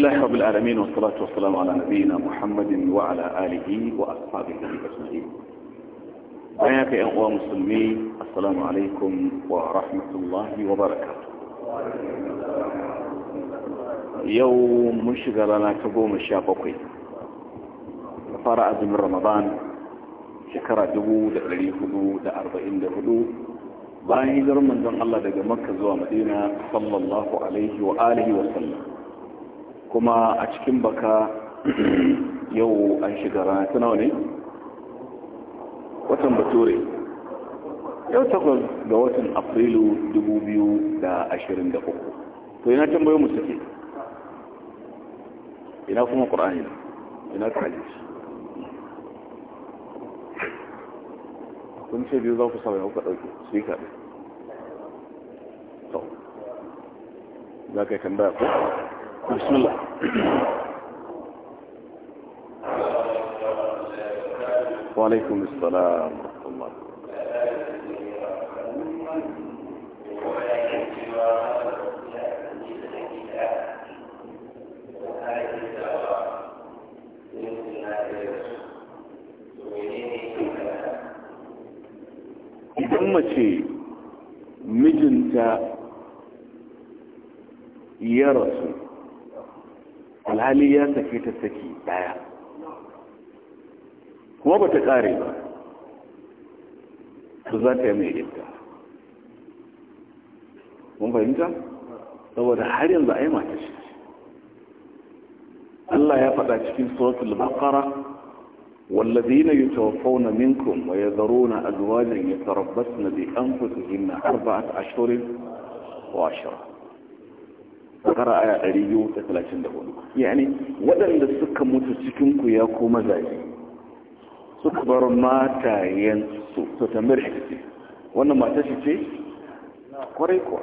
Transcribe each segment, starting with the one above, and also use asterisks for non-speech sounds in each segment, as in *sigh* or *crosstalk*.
الله رب العالمين والصلاة والسلام على نبينا محمد وعلى آله وأصحابه أجمعين حياك يا أخوة مسلمين السلام عليكم ورحمة الله وبركاته يوم مشغل أنا تقوم الشاقوقي فرأى من رمضان شكرا دبو لعلي هدو لأربعين دهدو باين درمان دون الله دقى مكة زوى مدينة صلى الله عليه وآله وسلم kuma a cikin baka *clears throat* yau an shiga rana ta nawa ne watan bature yau takwas ga watan afrilu 2023 to yana tambayo mu suke ina kuma ƙura'ani ina kalisi kun ce biyu za ku sami kuka ɗauki su ne to za ka yi tambaya ko بسم الله وعليكم السلام ورحمة الله idan mace mijinta ya rasu alhali ya sake ta saki daya kuma ba ta kare ba su za ta yi mai idda mun fahimta saboda har yanzu a yi mata shi Allah ya faɗa cikin suratul baqara والذين يتوفون منكم ويذرون أزواجا يتربصن بأنفسهن أربعة أشهر وعشرة bakara aya 234 yani waɗanda suka mutu cikin ku ya koma zaje suka bar matayen su tambar tambayar ce wannan mata shi ce kwarai kuwa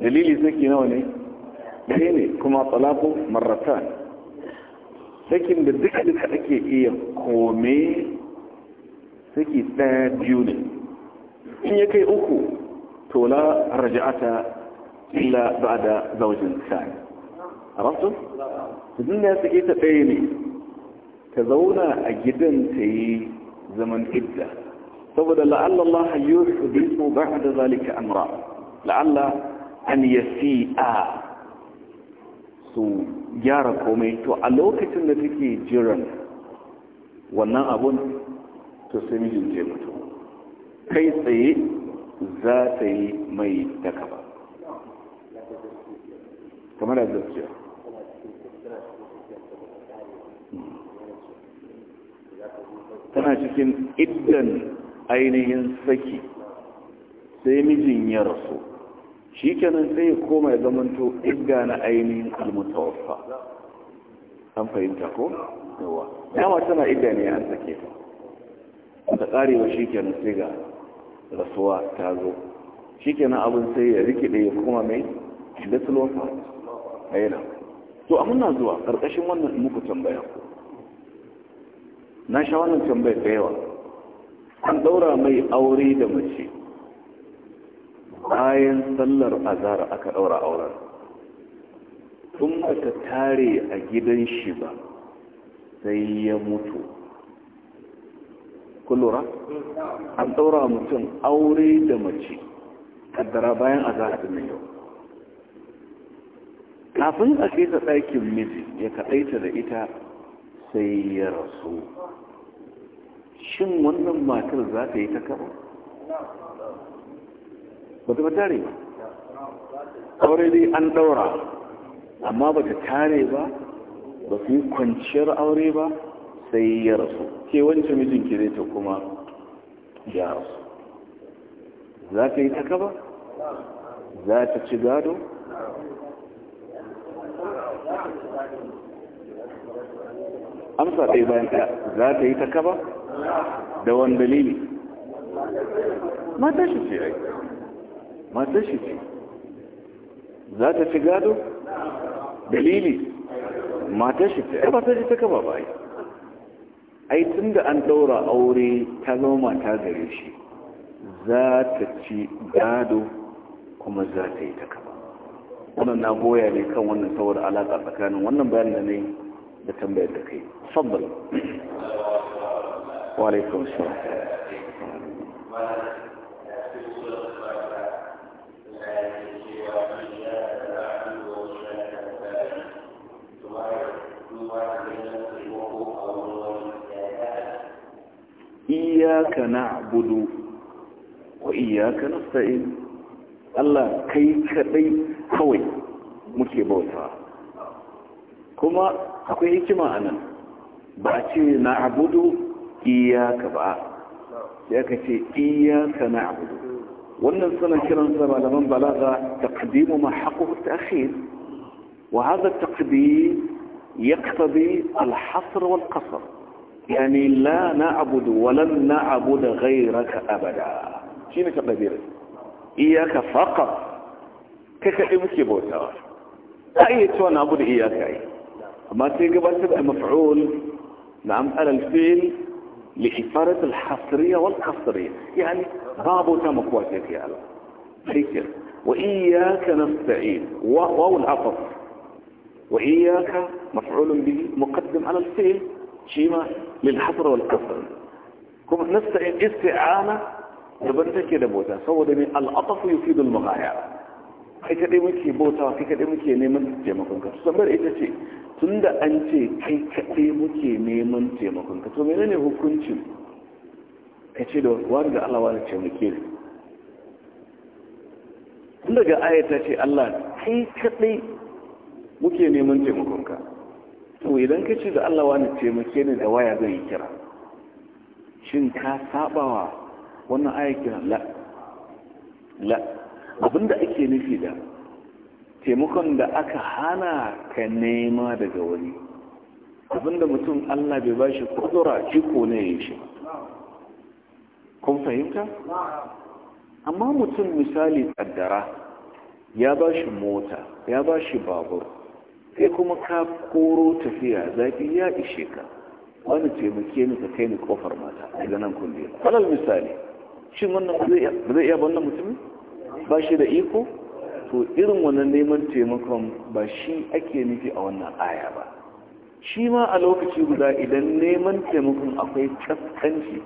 dalili saki nawa ne ɗaya ne kuma tsalafu marratan sakin da duka duka ake iya kome saki ɗaya biyu ne in ya kai uku Tola raja'ata إلا بعد زوج ثاني عرفتم؟ الدنيا سكيتة بيني تزونا أجدا في زمن إبدا فبدا لعل الله يحدث بعد ذلك أمرا لعل أن يسيء سو gyara komai to a lokacin da take jiran wannan abun to kamar da ce tana cikin iddan ainihin saki sai mijin ya rasu shi kenan sai ya koma ya zamanto idda na ainihin almutawaffa an fahimta ko? yawa dama tana idda ne an sake ta ta karewa shi kenan sai ga rasuwa ta zo shi kenan abin sai ya rikide ya koma mai da sulon yana to a muna zuwa ƙarƙashin wannan muku tambaya na sha wannan tambayar da yawa an ɗaura mai aure da mace bayan sallar azara aka ɗaura auren tun ba tare a gidan shi ba sai ya mutu kullura an ɗaura mutum aure da mace kaddara bayan azara ɗin yau kafin a kai ta ɗakin miji ya kaɗaita da ita sai ya rasu shin wannan matar za ta yi ta kaba ba ta tare ba aure dai an ɗaura amma ba ta tare ba ba su yi kwanciyar aure ba sai ya rasu ke wancan mijin ki ta kuma ya rasu za ta yi ta kaba za ta ci gado amsa ɗaya bayan ɗaya za ta yi ta kaba da wani dalili mata shi ce ai mata shi ce za ta ci gado dalili mata shi ce ai ba ta ji ta kaba ba ai tun da an ɗaura aure ta zama mata gare shi za ta ci gado kuma za ta yi ta kaba wannan na goya ne kan wannan saboda alaka tsakanin wannan bayan da ne da tambayar da kai sabbal wa alaikum salam iyaka na'budu wa iyaka nasta'in Allah kai kadai kawai muke bauta kuma akwai hikima a nan ba a ce na abudu iyaka ba ya ka ce iyaka na abudu wannan suna kiransa malaman balaga taqdimu ma haquhu ta'khir وهذا التقدير يقتضي الحصر والقصر يعني لا نعبد ولن نعبد غيرك أبدا ka تقدير iyaka فقط كيف يمشي بوتا أي ta أبو cewa اياك اي ما تيجي yi نعم على الفيل da الحصرية والقصرية يعني بابو تمكواتك يا الله فكر وإياك نستعين وهو العطف وإياك مفعول به مقدم على الفيل شيما للحصر والقصر كم نستعين استعانة تبنتك يا دبوتا سوى من العطف يفيد المغايرة kai kaɗai muke bautawa kai kaɗai muke neman taimakon ka sabar ita ce tun da an ce kai kaɗai muke neman taimakon ka to menene hukuncin ka ce da wani da Allah wani taimake ne tun daga ayata ce Allah kai kaɗai muke neman taimakon ka to idan ka ce da Allah wani taimake ne da waya zai kira shin ka sabawa wannan ayyukan la la abinda ake nufi da taimakon da aka hana ka nema daga wani da mutum Allah bai ba shi kudura ko na ya shi kun fahimta? amma mutum misali kaddara ya ba shi mota ya ba shi babur sai kuma ka koro tafiya zafi ya ishe ka wani taimake ni ka kai ni kofar mata daga nan kulle falal misali shin wannan zai iya wannan mutumin ba shi da iko to irin wannan neman taimakon ba shi ake nufi a wannan aya ba shi ma a lokaci guda idan neman taimakon akwai kaskanci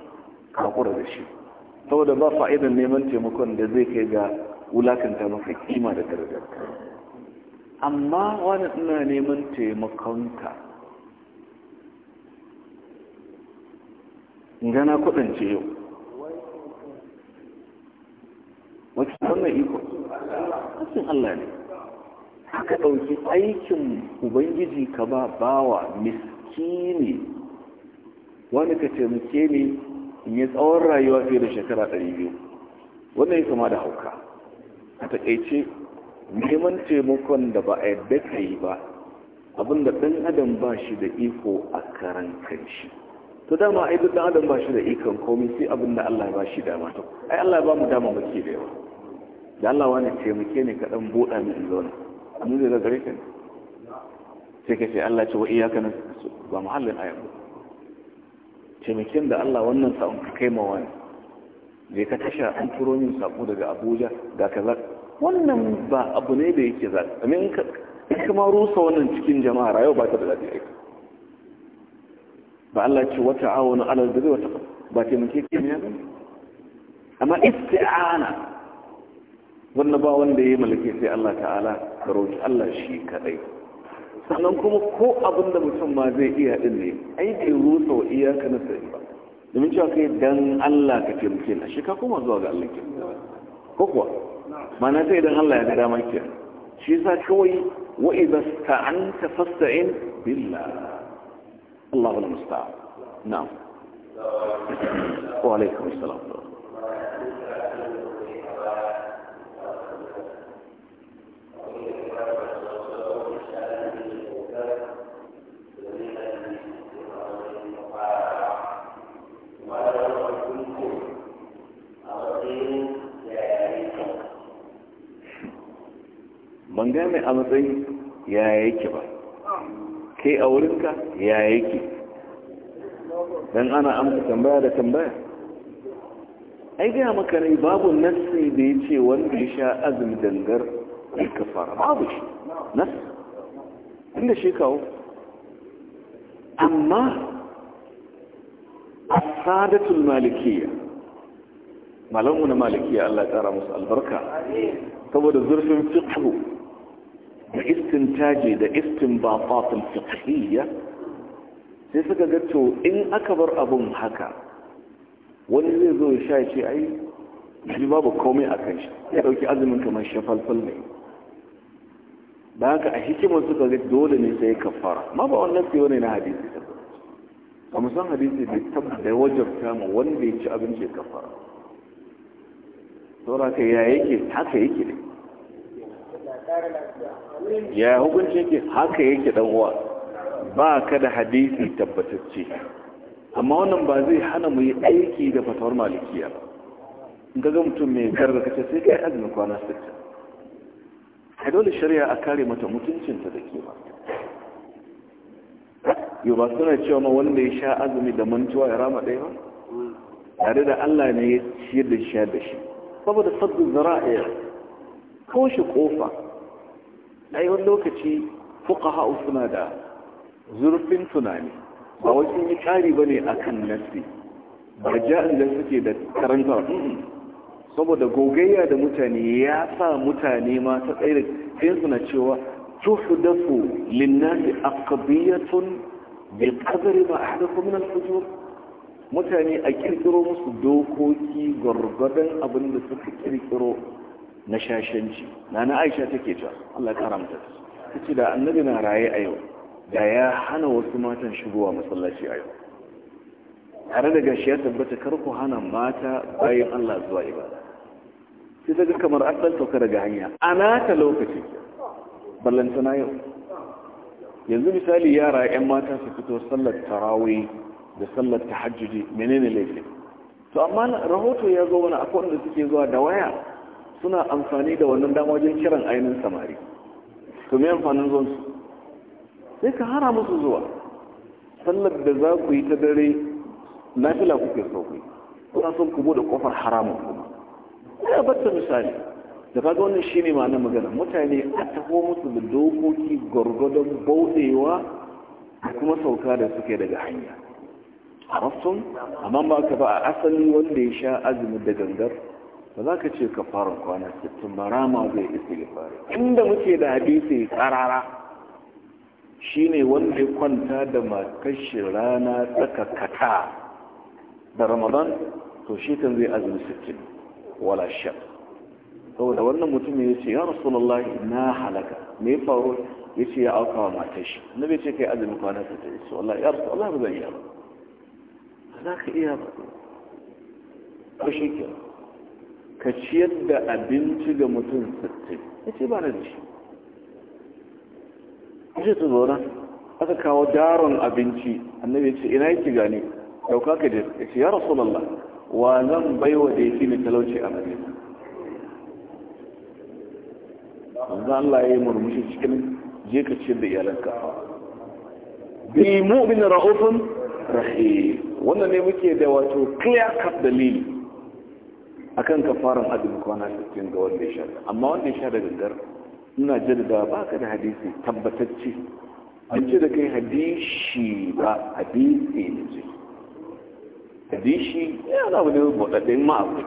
kakura da shi saboda ba fa'idan neman taimakon da zai kai ga wulakanta maka kima da darajar amma wani ina neman taimakonka gana kudance yau wacce wannan iko asin Allah ne Haka ɗauki aikin ubangiji ka ba bawa miskini wani ka taimake ni in yi tsawon rayuwa fiye da shekara ɗari biyu wannan ya kama da hauka a taƙaice neman taimakon da ba a yadda ka yi ba abinda ɗan adam ba shi da iko a karan kanshi to dama ai duk ɗan adam ba shi da ikon komai sai abinda Allah ya ba shi dama to ai Allah ya ba mu dama muke da yawa da Allah wani ce muke ne kaɗan buɗa min zauna an zai da gare ka ne sai ka ce Allah ce wa iyaka na ba muhallin ayan ba taimakin da Allah wannan sa'un ka kai ma wani je ka tasha an turo min sako daga Abuja ga kaza wannan ba abu ne da yake za amin ka kuma rusa wannan cikin jama'a rayuwa ba ta da daɗi aiki. ba Allah ce wata awonu alal da zai wata ba taimake ke ne amma isti'ana wannan ba wanda ya malake sai Allah ta'ala ka roƙi Allah shi kadai sannan kuma ko abin da mutum ma zai iya din ne ai bai rusa wa iyaka na sai ba domin cewa kai dan Allah ka taimake na shi ka koma zuwa ga Allah ke ko kuwa ma'ana sai dan Allah ya ga dama ke shi yasa kawai wa idza sta'anta fasta'in billah Allahu al-musta'an na'am wa alaikum assalam ban game a matsayi ya yake ba ke a wurinka ya yake don ana amsa tambaya da tambaya ai gaya maka ne babu nassi da ya ce wanda ya sha azumi dangar ya kafara babu shi nas inda shi kawo amma a sadatul malikiya malamu na malikiya Allah ya tsara musu albarka saboda zurfin fiqhu da istintaji da istinbatatul fiqhiyya sai suka ga to in aka bar abun haka wani zai zo ya sha ce ai shi babu komai a kan shi ya dauki azumin kamar shafalfal ne ba haka a hikimar suka ga dole ne sai kafara ma ba wannan sai wani na hadisi a musan hadisi bai tabbata wajabta ma wanda ya ci abinci ya kafara saboda ka ya yake haka yake ne ya hukunci yake haka yake dan uwa ba ka da hadisi tabbatacce amma wannan ba zai hana mu yi aiki da fatawar malikiya ba in ga mutum mai garga kace sai kai azumin kwana sita kai dole shari'a a kare mata mutuncinta da kima yo ba suna cewa ma wanda ya sha azumi da mantuwa ya rama ɗaya ba tare da Allah ne ya ciyar da shi da shi saboda sabbin zara'a ko shi kofa ai wani lokaci ha'u suna da zurfin tunani ba wai sun yi tsari a akan nasi ba ja'in da suke da karanta saboda gogayya da mutane ya sa mutane ma ta tsaye sai suna cewa tuhdafu linnasi aqdiyatun bi qadri ma ahdathu min al-fujur mutane a ƙirƙiro musu dokoki gwargwadon abin da suka kirkiro na shashanci na na aisha take ta Allah karamta ta ce da annabi na raye a yau da ya hana wasu matan shigowa masallaci a yau tare da gashi ya tabbata kar ku hana mata bayan Allah zuwa ibada sai ta kamar an ɗan daga hanya ana ta lokaci na yau yanzu misali yara 'yan mata su fito sallar tarawih da sallar tahajjudi menene laifin to amma rahoto ya zo mana akwai wanda suke zuwa da waya suna amfani da wannan dama kiran ainihin samari to me amfanin zuwan su sai ka hara musu zuwa sallar da za ku yi ta dare na fila kuke sauƙi, kuna son ku bude ƙofar haramun kuma ya yi abarta misali da kaga wannan ne ma'anar magana mutane a taho musu da dokoki gwargwadon bauɗewa da kuma sauka da suke daga hanya a amma ba ka ba a asali wanda ya sha azumi da gangar ba za ka ce ka fara kwana sittin ba rama zai isa ya fara inda muke da hadisi karara shine wanda ya kwanta da makashi rana tsakakata da ramadan to shi kan zai azumi sittin wala shak saboda wannan mutum ya ce ya rasulullahi na halaka me ya faru ya ce ya auka wa matashi na bai ce kai azumi kwana sittin ya ce wallahi ya rasulullahi ba zan iya ba za ka iya ba ko shi kenan ka ciyar da abinci ga mutum sittin ya ce ba na da shi ce su zo aka kawo daron abinci annabi ce ina yake gane dauka ka da ya ce ya rasu lalla wa zan baiwa da ya fi mai talauci a madina Zan Allah murmushi cikin je ka ciyar da iyalanka bi mu'min ra'ufun rahim wannan ne muke da wato clear cut dalili akan kafaran ko na cikin ga wannan shari'a amma wannan shari'a da gangar ina jaddada ba ka da hadisi tabbatacce an ce da kai hadisi ba hadisi ne ce hadisi ya da wani bota din ma abu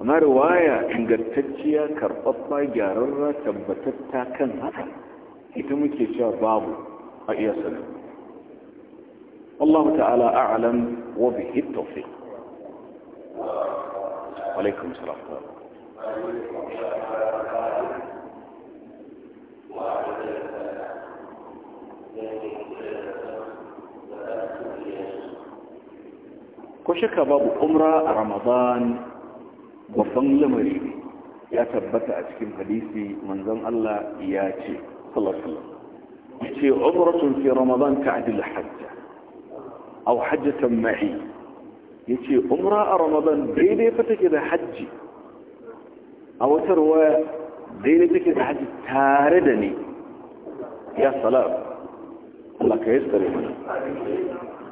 amma riwaya ingantacciya karɓaɓɓa gyararra tabbatatta kan haka ita muke cewa babu a iya sanar Allah ta'ala a'alam wa bihi tawfiq وعليكم السلام ورحمة الله كشك باب عمر رمضان وفن لمجي يا ثبت اشكي حديثي من زن الله ياتي صلى الله عليه وسلم في عمرة في رمضان تعدل حجة او حجة معي ya ce umra a ramadan daidai fa take da hajji a watar waya daidai take da hajji tare da ni ya salam Allah ka yi tsare mana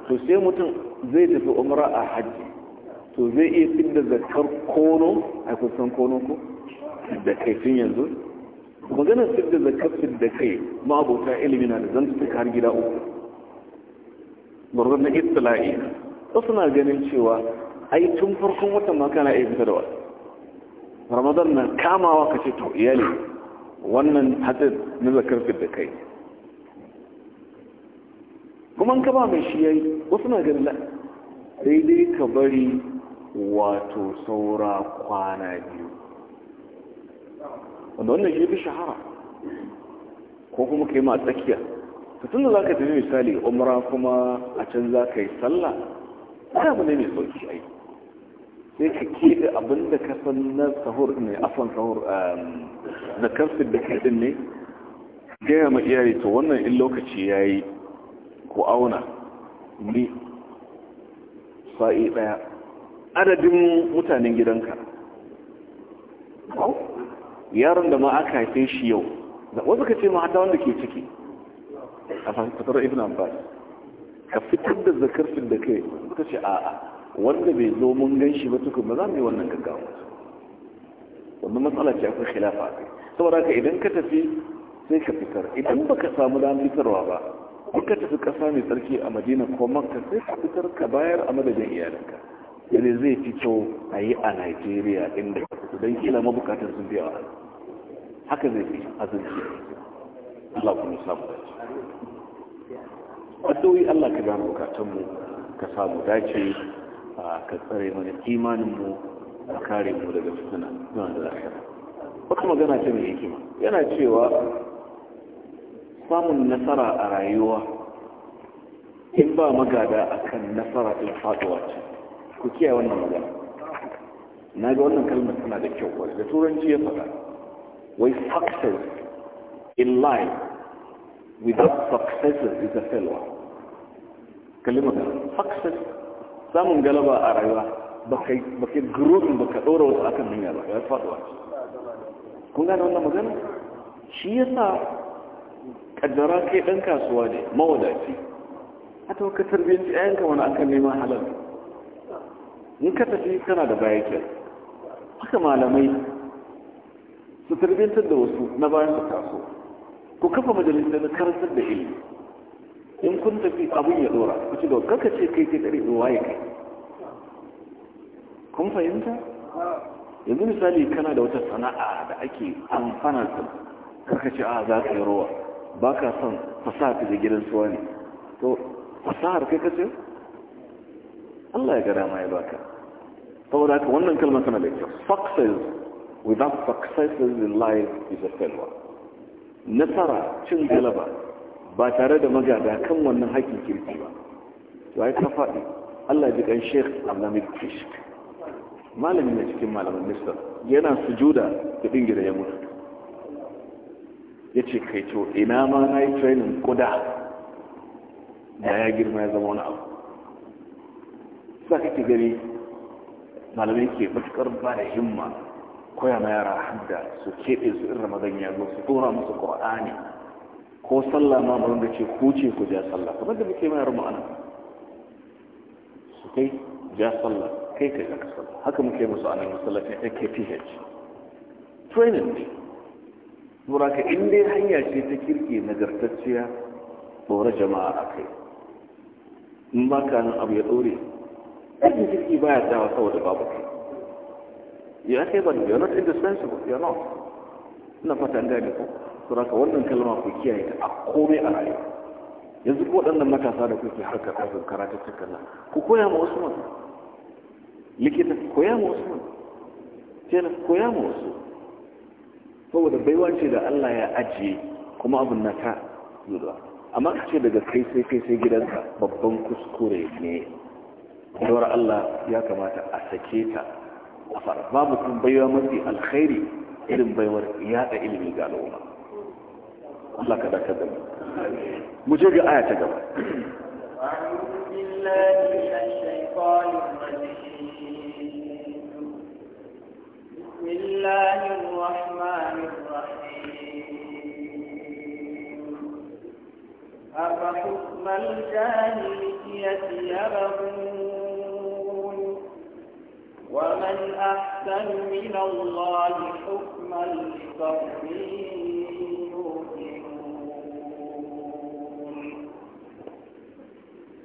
to sai mutum zai tafi umra a hajji to zai iya fin da zakar kono a kusan kono ko da tun yanzu maganar fin da zakar fin da kai ma'abota ilimina da zan tafi har gida uku barzan na istila'i wasu suna ganin cewa ai tun farkon watan ma kana iya fita da wata ramadan na kamawa ka ce to iyali wannan hadin na zakar da kai kuma ka ba mai shi yayi wasu na ganin la daidai ka bari wato saura kwana biyu wanda wannan shi fi shahara ko kuma ka yi ma tsakiya tun da za ka tafi misali umra kuma a can za ka yi sallah samu ne mai sauki yi sai ka keɓe abinda ka san na sahur ne afon sahur um, da karfin da ka ne gaya ma iyaye to wannan in lokaci ya yi ko auna ni sa'i ɗaya adadin mutanen gidanka yaron da ma aka haife shi yau wasu ka ce ma hata wanda ke ciki a fasitar ibn abbas ka fitar da zakarfin da kai ta ce a'a wanda bai zo mun gan shi ba tukun ba za mu yi wannan gaggawa wannan matsala ce akwai khilafa kai saboda ka idan ka tafi sai ka fitar idan baka samu damar fitarwa ba in ka tafi kasa mai tsarki a madina ko makka sai ka fitar ka bayar a madadin iyalinka yadda zai fi kyau a yi a nigeria inda ka fito don kila mabukatar sun biya haka zai fi azurci Allah kuma samu addu'o'i Allah ka biya bukatunmu ka samu dace ka tsare mana imaninmu ka kare mu daga fitina zuwa da lafiya wata magana ce mai hikima yana cewa samun nasara a rayuwa in ba magada akan nasara ɗin faɗuwa ce ku kiyaye wannan magana na ga wannan kalmar tana da kyau wani da turanci ya faɗa wai success in life without successes is a failure كلمه فقصد سامن قلبا اريوا بكي بكي غروب بكي دورو اكن من يلا يا فاطمه كون انا ولا مغن شيرنا قدرك دن كاسوادي ما ولاتي حتى وكثر بيت انك وانا اكن ما حلل انك تجي كنا دبايك حتى ما لمي ستربيت الدوسو نبايك كاسو كو كفه مجلس ده كرسد بالي in kun tafi abun ya dora ku ci gaba kaka ce kai kai kare ruwa ya kai kun fahimta yanzu misali kana da wata sana'a da ake amfana ta kaka ce a ah, za ka yi ba ka son fasaha ta gidan suwa ne to fasahar kai kace Allah ya gara ma ya baka saboda haka wannan kalmar tana da kyau success without successes in life is a failure nasara cin galaba ba tare da magada kan wannan haƙin kirki ba to ai ka faɗi Allah ji kan Sheikh Abdulhamid Kishk malami ne cikin malamin Misr yana sujuda da dingira ya mutu yace kai to ina ma nayi training kuda da ya girma ya zama wani abu sa kake gari malamai ke matukar ba da himma koya ma yara hadda su keɓe su irin ramadan yanzu su tura musu ƙwa'ani ko sallah ma ba da ce kuce ku ja sallah kamar da muke mayar mu su kai ja sallah kai kai ka sallah haka muke musu anan masallacin AKPH training ne mura ka in dai hanya ce ta kirki nagartacciya tsore jama'a a kai in ba ka nan abu ya ɗore aikin kirki ba baya tsawa saboda babu kai ya kai ba ne not indispensable you're not ina fata an gane ko su raka wannan kalma ku kiyaye ta a komai a rayu yanzu ko waɗannan matasa da kuke harkar ɗaukar karatattukan nan ku koya ma wasu man likita ku koya ma wasu man tela ku koya ma wasu saboda baiwa ce da Allah ya ajiye kuma abin na ka zuwa amma ka ce daga kai sai kai sai gidanka babban kuskure ne dawar Allah ya kamata a sake ta a fara babu kun baiwa mafi alkhairi irin baiwar yada ilimi ga al'umma Allah كذا dakar da mu mu je ga aya ta بسم الله الرحمن الرحيم أفحكم الجاهلية يبغون ومن أحسن من الله حكما لقومه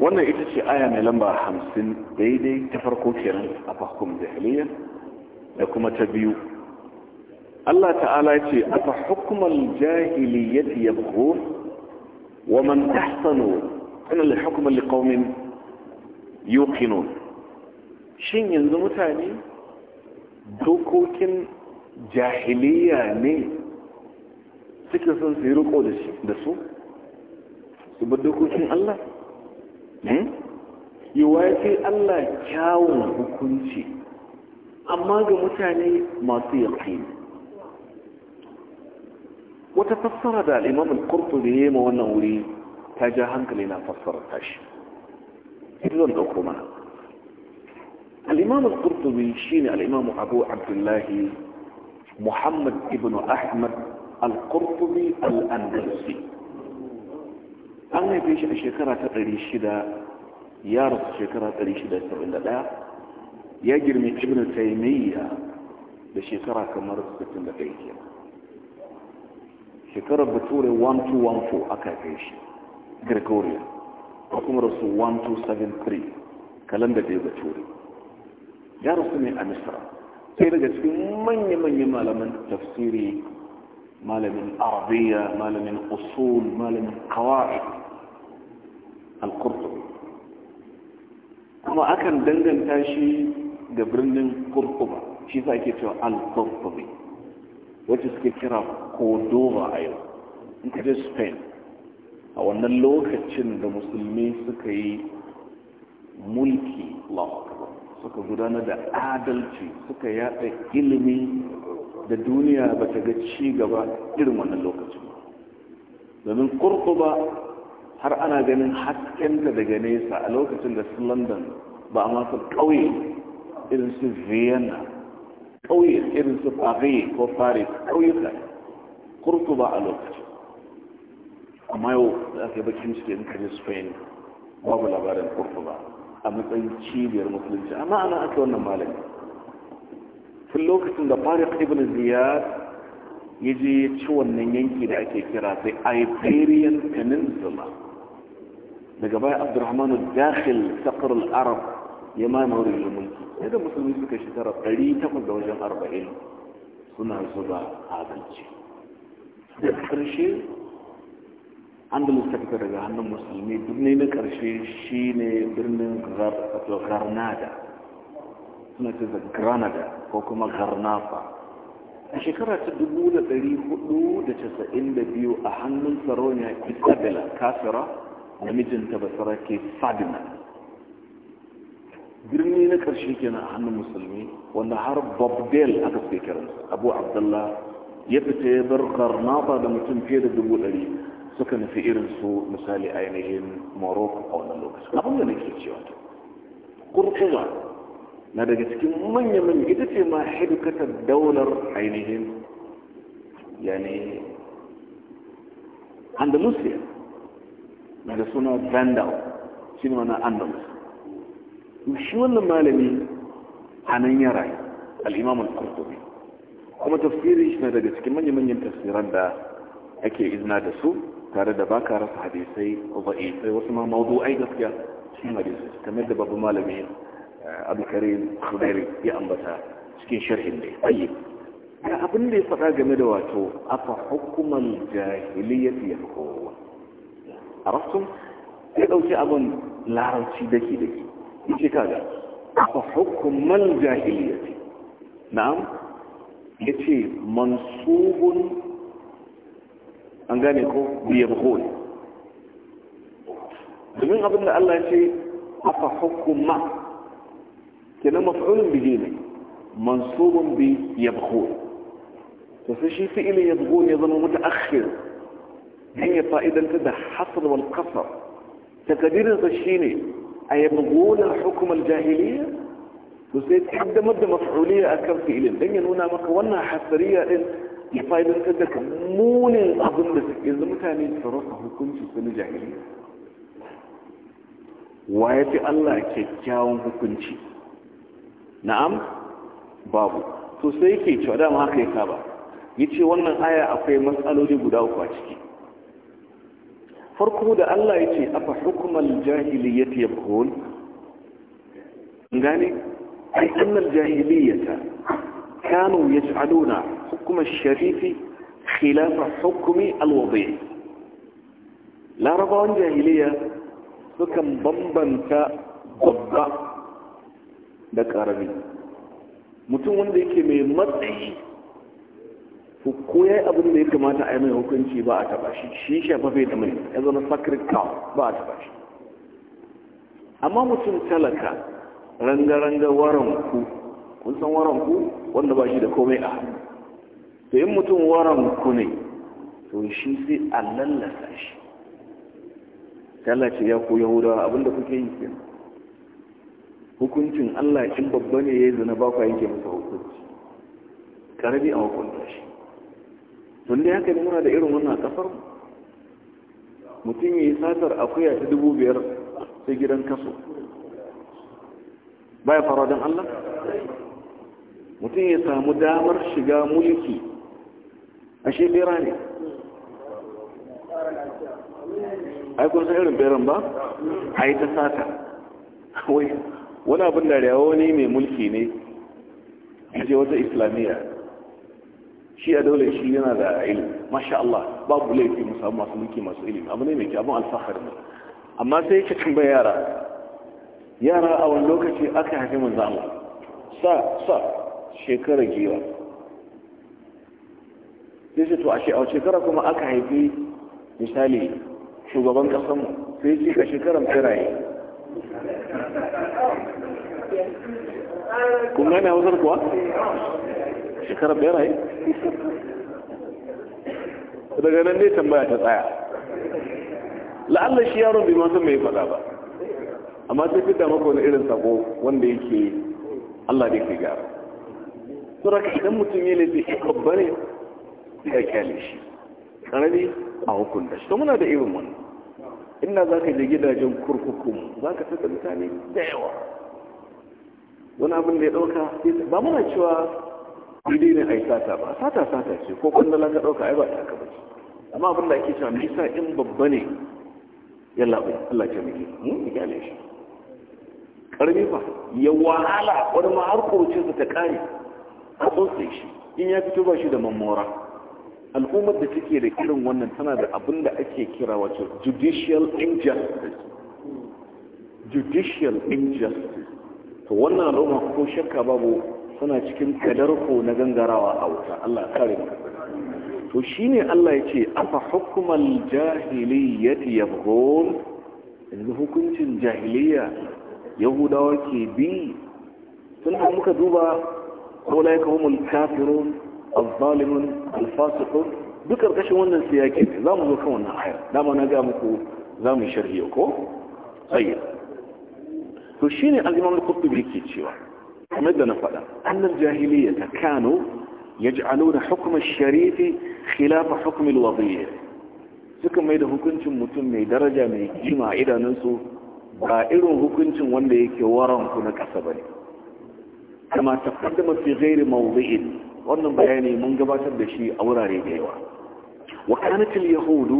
wannan ita ce aya mai lamba hamsin daidai ta farko kenan a fahkum jahiliya da kuma ta biyu Allah ta'ala ce afa hukmal jahiliyyati yabghun wa man ahsanu min al-hukm liqaumin yuqinun shin yanzu mutane dokokin jahiliya ne cikin sun su yi riko da su su bi dokokin Allah hmm? yi ce Allah kyawun hukunci amma ga mutane masu yaƙini wata fassara da al'imamin kurtu da ya yi ma wannan wuri ta ja hankali na fassara tashi ita zan ɗauko mana al'imamin kurtu shi ne al'imamu abu abdullahi محمد ابن أحمد القرطبي الأندلسي an haife shi a shekara ta ɗari shida ya rasu shekara ɗari shida da saba'in da ɗaya ya girme ibn taimiyya da shekara kamar sittin da ɗaya ke shekarar bature 1214 aka haife shi gregorian ko kuma rasu 1273 kalandar da ya bature ya rasu ne a misra sai daga cikin manya-manyan malaman tafsiri malamin arabiya malamin usul malamin kawai al-kurtubi kuma akan danganta shi da birnin kurtuba shi sa ake cewa al-kurtubi wacce suke kira cordova a yau in ka je spain a wannan lokacin da musulmi suka yi mulki lawa suka gudanar da adalci suka yada ilimi da duniya ba ta ga ci gaba irin wannan lokacin domin kurkuba har ana ganin haskenta daga nesa a lokacin da su london ba a masu ƙauye irin su vienna ƙauye irin su paris ko paris ƙauyuka kurkuba a lokacin amma yau da aka yi bakin cikin kaji spain babu labarin kurkuba a matsayin cibiyar musulunci amma ana aka wannan malami tun lokacin da farik ibn ziyar ya je ya ci wannan yanki da ake kira sai iberian peninsula daga baya abdurrahmanu dakhil sakar arab ya mamaye wurin mulki yadda musulmi suka shekara 800 da wajen arba'in suna zuba adalci da ƙarshe andalus ta fita daga hannun musulmi birni na ƙarshe shi ne birnin garnada suna ce granada ko kuma garnafa a shekara ta 1492 a hannun saroniya isabella kasira da mijinta basara ke fadina birni na ƙarshe kenan a hannun musulmi wanda har bob dale aka fi kiransa abu abdullah ya fita ya bar garnafa da mutum fiye da dubu dari. suka nufi irin su misali ainihin morocco a wannan lokacin abin da nake cewa kurkuma na daga cikin manya-manya ita ce ma daular ainihin yani andalusia na da suna vandal shi ne mana andalus shi wannan malami a nan ya rayu al'imamun kuma tafsirin shi na daga cikin manya-manyan tafsiran da ake izina da su tare da baka rasa hadisai ba'isai wasu ma mawdu'ai gaskiya cikin hadisai kamar da babu malami eh, abu karim khudairi ya ambata cikin sharhin ne ayi ya abin da ya faɗa game da wato afa hukuman jahiliyyati A arabtum sai dauki abin larabci dake dake yace kaga afa hukuman jahiliyyati na'am Ya yace mansubun an gane ko biyabghun domin abin da Allah ya ce afa hukuma kenan maf'ulun bihi ne mansubun bi yabghun to sai shi fi'ilin yabghun ya zama akhir dan ya fa'idanta da hasar wal kasar ta takdirin sa shine ayabghun al hukm hukumar jahiliya to sai ta haddamar da maf'uliyya akan fi'ilin don ya nuna maka wannan hasariya din ya fa'idantar da ka munin abin da yanzu mutane su rasa hukunci su na jahili wa ya fi Allah kyakkyawan hukunci na'am babu to sai yake cewa dama haka ya saba ya ce wannan aya akwai matsaloli guda uku a ciki farko da Allah ya ce afa hukumar jahili ya jahiliyyati yabghun gane ai annal jahiliyyata kanu ci حكم الشريف خلاف حكم الوضيع Larabawan jahiliya sukan bambanta بمبن كبضع دكاربي mutum wanda yake mai matsayi ko ya yi abin da ya kamata a yi mai hukunci ba a taba shi shi shafafe da mai ya zama sacred cow ba a taba shi amma mutum talaka ranga-ranga waranku kun san waranku wanda ba shi da komai a hannu to in mutum waran ku ne to shi sai a lallasa shi ce ya ku yahudawa abinda kuke yi ke hukuncin allah in babba ne ya yi zina ba ku yanke masa hukunci karabi a hukunta shi tun da haka ne muna da irin wannan kafar mutum ya yi satar akuya ta dubu biyar sai gidan kaso baya fara don allah mutum ya samu damar shiga mulki A ashe bera ne ai kun san irin beran ba ai ta sata wai wani abin da rewa wani mai mulki ne a je wata islamiyya shi a daular shi yana da ilimi masha Allah babu laifi mu samu masu mulki masu ilimi abu ne mai kyau abin ne amma sai yake cin yara yara a wani lokaci aka haifi manzo Allah sa sa shekara giwa sai ce to a shekara kuma aka haifi misali shugaban kasanmu sai ce ka shekaran firaye kun gane wasar kuwa shekaran firaye daga nan ne tambaya ta tsaya la'alla shi yaron bai masu mai faɗa ba amma sai fita maka wani irin sako wanda yake Allah da ke gara. Sura ka idan mutum ya laifi ikon bane sai a kyale shi karami a hukunta shi to muna da irin wani, ina za ka je gidajen kurkukun za ka tattara mutane da yawa wani abin da ya ɗauka ba muna cewa daidai ne a yi sata ba sata sata ce ko kwandala ka ɗauka ai ba ta haka ba ce amma abin da ake cewa nisa in babba ne ya labai Allah ce muke mun yi gane shi karami fa ya wahala wani ma har kurce su ta kare a tsotse shi in ya fito ba shi da mamora al'ummar da take da irin wannan tana da abin da ake kira wato judicial injustice judicial injustice to wannan al'umma ko shakka babu suna cikin kadarko na gangarawa a wuta Allah kare mu to shine Allah yace afa hukmal jahiliyyati yabghun yanzu hukuncin jahiliyya yahudawa ke bi Sun muka duba ko laika humul kafirun الظالم الفاسق duk ƙarƙashin wannan siyaki ne za mu zo kan wannan ayar dama na ga muku za mu sharhi ko tsaye to shi ne al'imam da kutubi ke cewa kamar da na faɗa annan jahiliya ta kano ya ji alo da hukumar sharifi khilafa hukumar waziyya suka mai da hukuncin mutum mai daraja mai kima a idanunsu ba irin hukuncin wanda yake waranku na ƙasa ba ne kama tafaddama mafi ghairi mawdi'in wannan bayani mun gabatar da shi a wurare da yawa wa kanat al yahudu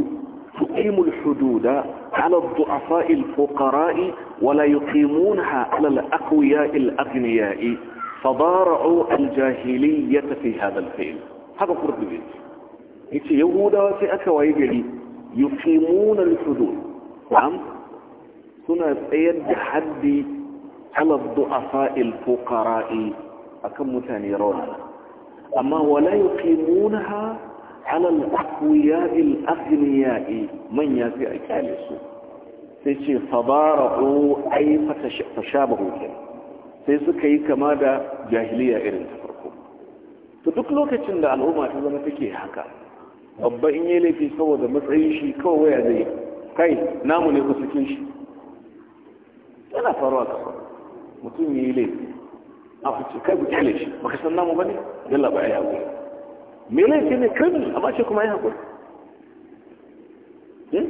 tuqimu al hududa ala al du'afa al fuqara wa la yuqimunha ala al aqwiya al aghniya fadara'u al jahiliyyah fi hadha al fi'l hada qurbi yace yahuda sai aka waye gari yuqimuna al hudud am suna tsayar da haddi ala al du'afa al fuqara akan mutane rawana amma wala yuqimunaha ala ya aqwiya al-aghniya manya sai a kyale su sai ce fabara'u ay fatashabahu sai suka yi kama da jahiliya irin ta farko to duk lokacin da al'umma ta zama take haka babba in yi laifi saboda matsayin shi kawai waya zai kai namu ne ku suke shi yana faruwa kafa mutum yi laifi a kuce kai ku ne shi baka san namu bane yalla ba ya hakuri me laifi ne criminal amma ce kuma ya hakuri eh?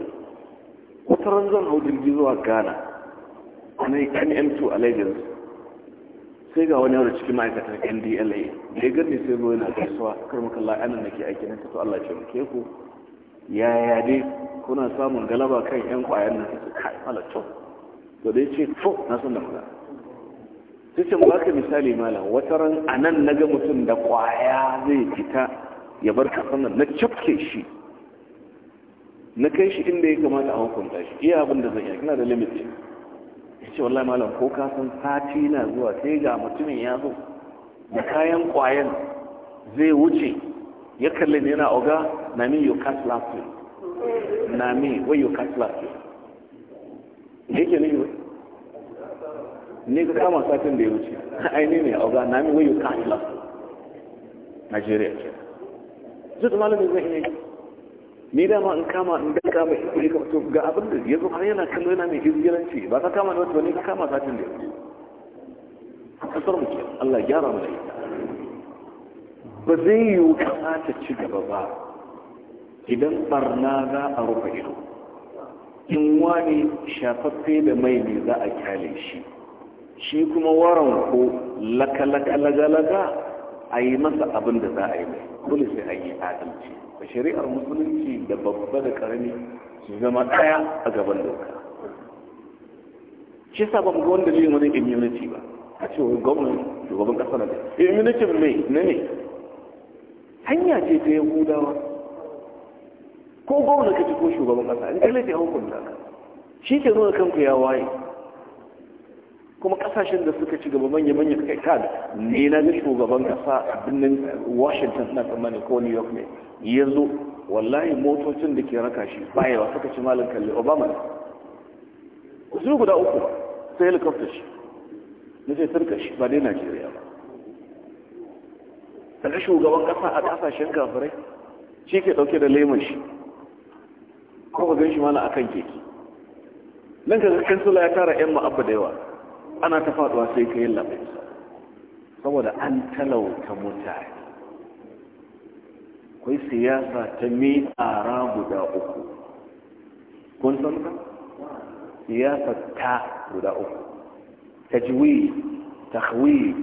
wata ran zan hau jirgi zuwa ghana ana yi kan m2 a lagos sai ga wani yawon cikin ma'aikatar ndla da ya gani sai zuwa yana kasuwa karmakalla anan ke aiki na to allah ce ke ku yaya dai kuna samun galaba kan yan kwayan nan kai malatau to da ya ce to na san da magana cikin baka misali malam wata ran a nan na ga mutum da kwaya zai fita ya bar kafin nan na cafke shi na kai shi inda ya kamata a hukunta shi iya abin da zai yi kina da limit ya ce wallahi malam ko ka san sati na zuwa sai ga mutumin ya zo da kayan kwayan zai wuce ya kalli ne na oga na mi you kas lafi na mi wai you kas lafi yake ne ne ka kama satin da ya wuce *laughs* aini ne a auga na mi wayo kan ila Najeriya ce zuwa malamin zai yi ni dama in kama in da kama in kuli kama to ga abin da zo, har yana kallo yana mai izgilanci ba ka kama da wata wani ka kama satin da ya wuce kasar mu ke Allah gyara mu da ita ba zai yi kama ta ci gaba ba idan barna za a rufe ido in wani shafaffe da mai ne za a kyale shi shi kuma waran ko laka-laka laga-laga a yi masa abin da za a yi mai dole sai a yi adalci da shari'ar musulunci da babba da karami su zama ɗaya a gaban doka shi sabon ba ga wanda zai wani immunity ba a ce wani gwamnati shugaban kasa na immunity mai na ne hanya ce ta hudawa ko gwamnati ko shugaban kasa in kalli ta hukunta ka shi ke nuna kanku ya waye kuma kasashen da suka ci gaba manya manya suka kan ne na ga shugaban kasa a birnin washington na tsammani ko new york ne ya zo wallahi motocin da ke raka shi bayawa suka ci malin kalli obama ne su guda uku sai helicopter shi na sai turka shi ba dai najeriya ba daga shugaban kasa a kasashen gafirai shi ke dauke da lemon shi ko ba gan shi mana akan keke nan ka kansula ya tara yan ma'abba da yawa ana ta faduwa sai ka yin labai saboda an talauta mutane kwai siyasa ta miƙara guda uku kun san ka siyasa ta guda uku tajwi tahwi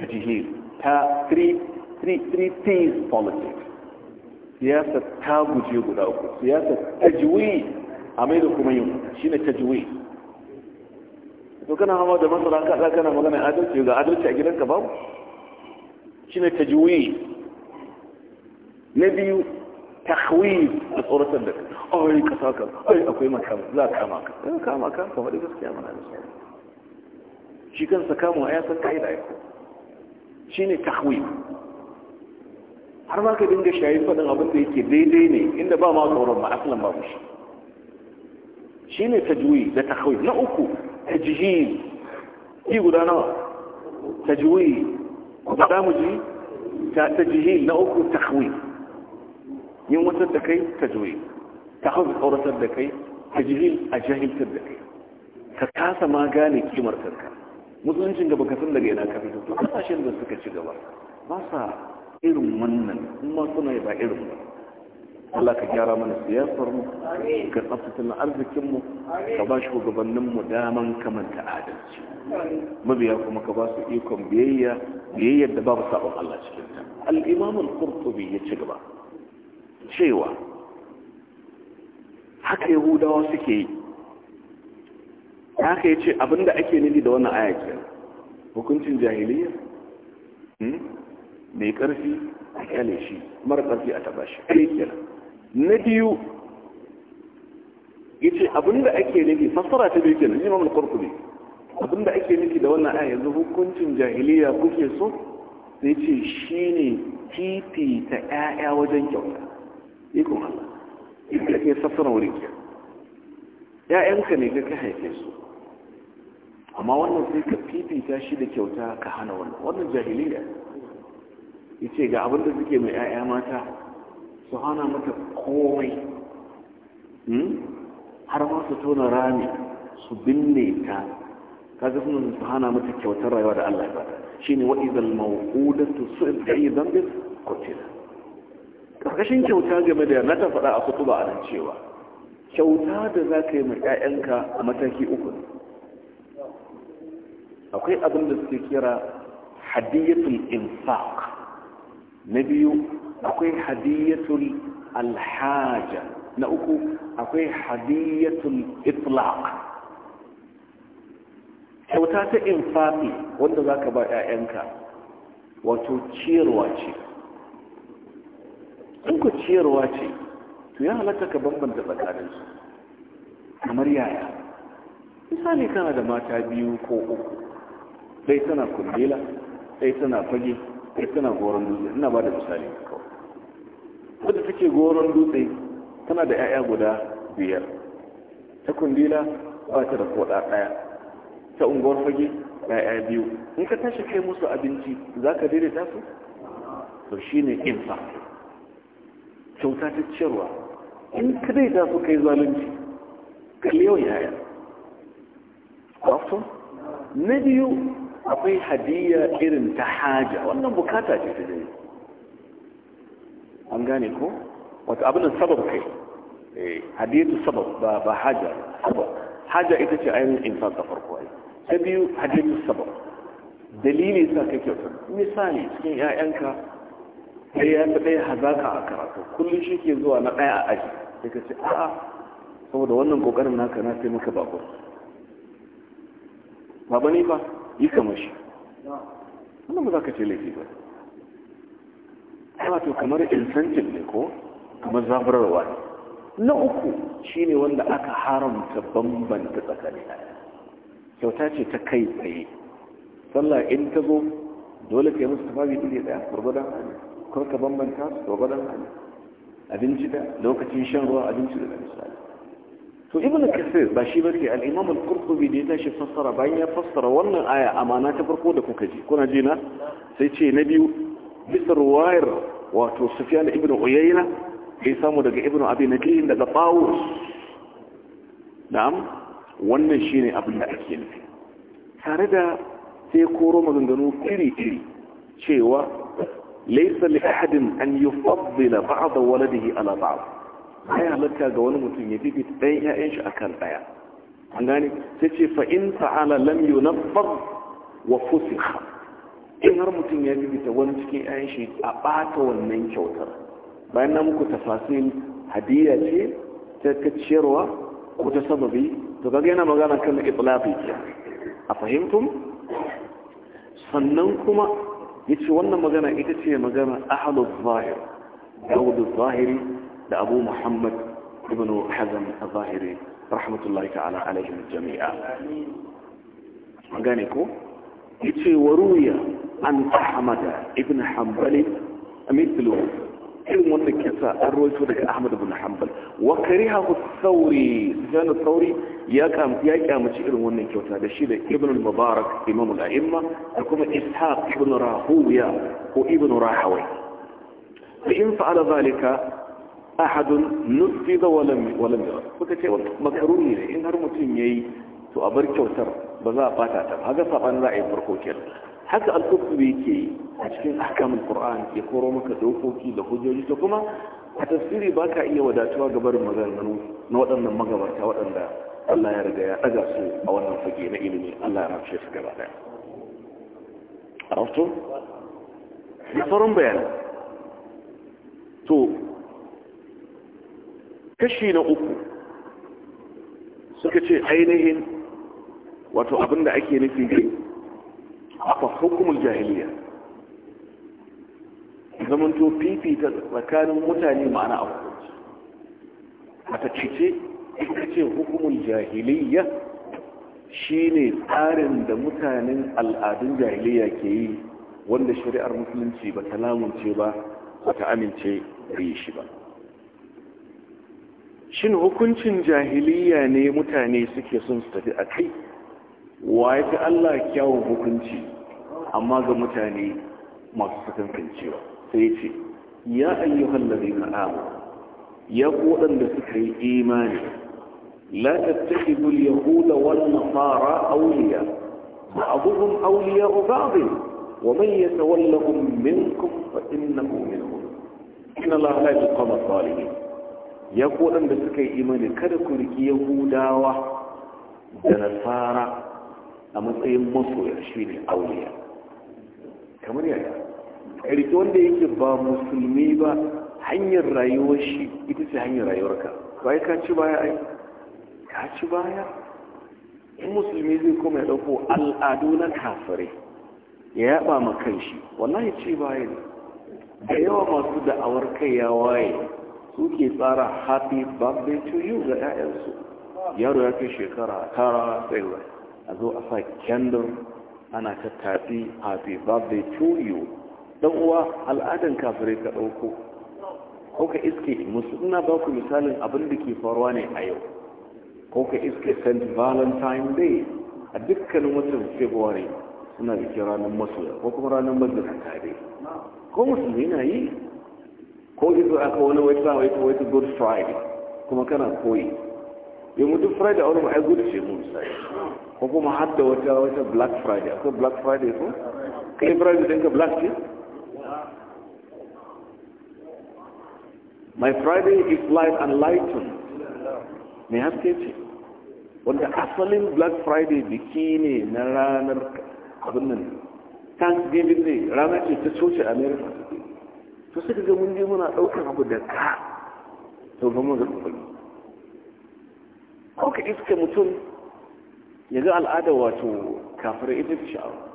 tajhir ta three three three things politics siyasa ta guje guda uku siyasa tajwi a mai da kuma yin shine tajwi to kana hawa da ka kaɗa kana magana adalci ga adalci a gidanka ba shi ne tajwi ne biyu tahwi a tsoratar da ai ka saka ai akwai makama za ka kama ka ka kama ka ka faɗi gaskiya mana ne shi kan saka mu aya san kaida ya shi ne tahwi har ma ka dinga shayi fadin abin da yake daidai ne inda ba ma tsoron ba asalin babu shi shi ne tajwi da tahwi na uku tajhid ki guda nawa tajwid guda mu ji ta tajhid na uku takhwif yin wata da kai tajwid takhwif auratar da kai tajhid a jahiltar da kai ka kasa ma gane kimar kanka musuluncin da baka san daga yana ka fito to kasashen da suka ci gaba ba sa irin wannan kuma suna ba irin ba Allah ka gyara mana siyasar mu ka tsaftace na arzikin mu ka ba shi gabanin mu daman kamanta adalci mabiya kuma ka ba su ikon biyayya biyayya da babu sabon Allah cikin ta al-Imam al-Qurtubi ya ci gaba cewa haka Yahudawa suke yi haka yace abinda ake nufi da wannan aya ke hukuncin jahiliya hmm? mai karfi a kyale shi mara karfi a taba shi kai kenan na biyu yace abinda ake nufi fassara ta biyu kenan imam al ne abinda ake nufi da wannan aya yanzu hukuncin jahiliya kuke so sai ce shine ta ƴaƴa wajen kyauta ikon Allah ikon da ke fassara wurin ke ƴaƴanka ne ka haife su amma wannan sai ka fifita shi da kyauta ka hana wannan wannan jahiliya yace ga abinda suke mai ƴaƴa mata su hana mata komai hmm? har ma su tona rami su binne ta kaga suna su hana mata kyautar rayuwa da Allah ba shine wa idal mawqudatu su'id bi dhanbi qutila ƙarƙashin kyauta game da na ta faɗa a kutuba a nan cewa kyauta da za ka yi ma ƴaƴanka a mataki uku akwai abin da suke kira hadiyatul infaq na biyu akwai hadiyatul alhaja na uku akwai hadiyatul itlaq kyauta ta infafi wanda za ka ba 'ya'yanka wato ciyarwa ce in ku ciyarwa ce to ya halatta ka bambanta tsakaninsu kamar yaya misali kana da mata biyu ko uku ɗai tana kundila ɗai tana fage kai tana goron dutse ina ba da misali kawai wadda take goron dutse tana da 'ya'ya guda biyar ta kundila ba ta da koda ɗaya ta unguwar fage 'ya'ya biyu in ka tashi kai musu abinci za ka daidaita su to shi ne infa kyauta ta ciyarwa in ka daidaita su kai zalunci kalli 'ya'ya na biyu akwai hadiyya irin ta haja wannan bukata ce ta jini an gane ko wata abinan sabab kai eh, hadiyyatu sabab ba haja sabab haja ita ce ainihin infaq da farko ai ta biyu hadiyyatu sabab dalili sa kai kyautar misali cikin 'ya'yanka sai ya fi ɗaya hazaka a karatu kullum shi ke zuwa na ɗaya a aji sai ka ce a'a saboda wannan ƙoƙarin naka na sai maka babu ba ba ba yi kamar shi wannan ba za ka ce laifi ba wato kamar incentive ne ko kamar zaburarwa ne na uku shi ne wanda aka haramta bambanta tsakani kyauta ce ta kai tsaye sallah in ta zo dole ka yi musu tafafi iri daya gwargwadon hali kar ka bambanta su gwargwadon hali abinci da lokacin shan ruwa abinci da misali to ibn kasir ba shi bace al-imam al-qurtubi da ya tashi fassara bayan ya fassara wannan aya amana ta farko da kuka ji kuna ji na sai ce na biyu bisa ruwayar wato sufyan ibn uyayna bai samu daga ibn abi najihin daga tawus na'am wannan shine abin da ake nufi tare da sai koro maganganu iri-iri cewa laysa li ahadin an yufaddila ba'd waladihi ala ba'd ai halatta ga wani mutum ya bibi ɗan ƴaƴan shi akan ɗaya an gane sai ce fa in fa'ala lam yunaffad wa fusikha in har mutum ya bibita wani cikin ƴaƴan shi a ɓata wannan kyautar bayan na muku tafasil hadiya ce ta ciyarwa ko ta sababi to kaga yana magana kan itlaqi a fahimtum sannan kuma yace wannan magana ita ce magana ahlul zahir dawud zahiri لأبو محمد ابن حزم الظاهري رحمة الله تعالى عليهم الجميع مغانيكو يتشي وروية عن أحمد ابن حنبل مثل علم الكساء الروي فدك أحمد ابن حنبل وكريها الثوري سجان الثوري يا كام يا كام تشيرون وني كوتا ابن المبارك امام الائمه حكم اسحاق ابن راهويه وابن راهوي فان فعل ذلك ahadun nufiza walam walam kuka ce makaruni ne in har mutum yayi to a bar kyautar ba za a bata ta haka saban za a yi farko kenan haka al kutubi yake a cikin ahkamul qur'an ya koro maka dokoki da hujjoji to kuma a tafsiri ba ka iya wadatuwa ga barin maganganu na waɗannan magabarta waɗanda Allah ya riga ya ɗaga su a wannan fage na ilimi Allah ya rafshe su gaba ɗaya a da sauran bayanan to kashi na uku suka ce ainihin wato da ake nufi ne a hukumul jahiliya to fifita tsakanin mutane ma'ana a a ta cice ita ce hukumul jahiliya shine tsarin da mutanen al'adun jahiliya ke yi wanda shari'ar musulunci ba ta lamunce ba ba ta amince da yi shi ba shin hukuncin jahiliya ne mutane suke sun su tafi a kai wa ya Allah kyawun hukunci amma ga mutane masu sakankancewa sai ya ce ya ayyuhan lari na'amu ya da suka yi imani la tattakhidul yahuda wal nasara awliya ba'dhum awliya ba'd wa man yatawallahum minkum fa innahu minhum inna allaha la yuqammu adh ya kodan da suka yi imani kada ku riki yahudawa da nasara a matsayin masoya shi ne auliya kamar yadda ƙarfi wanda yake ba musulmi ba hanyar rayuwar shi ita ce hanyar rayuwarka ba ka ci baya ai ka ci baya in musulmi zai kuma ya ɗauko al'adu na kafare ya yaba ma wannan wallahi ci baya ne da yawa masu da'awar kai ya waye suke tsara happy birthday to you ga 'ya'yansu yaro ya kai shekara tara tsayuwa a zo a sa kyandar ana ta tafi happy birthday to you don uwa al'adan kafirai ka ɗauko ko ka iske musu ina ba ku misalin abin da ke faruwa ne a yau ko ka iske st valentine day a dukkanin watan february suna bikin ranar masoya ko kuma ranar mazinata tare ko musulmi na yi ko izu aka wani wai sa wai good friday kuma kana koyi yau duk friday a wani ma'ai good ce mun sai ko kuma har wata wata black friday akwai black friday ko kai friday din ka black ce my friday is light and lightened me haske ce wanda asalin black friday biki ne na ranar abin nan thanksgiving day rana ce ta america to suka ga mun je muna ɗaukar abu da ka to ga mun zaɓi fage ko ka iska mutum ya ga al'ada wato kafirai ita fi sha'awa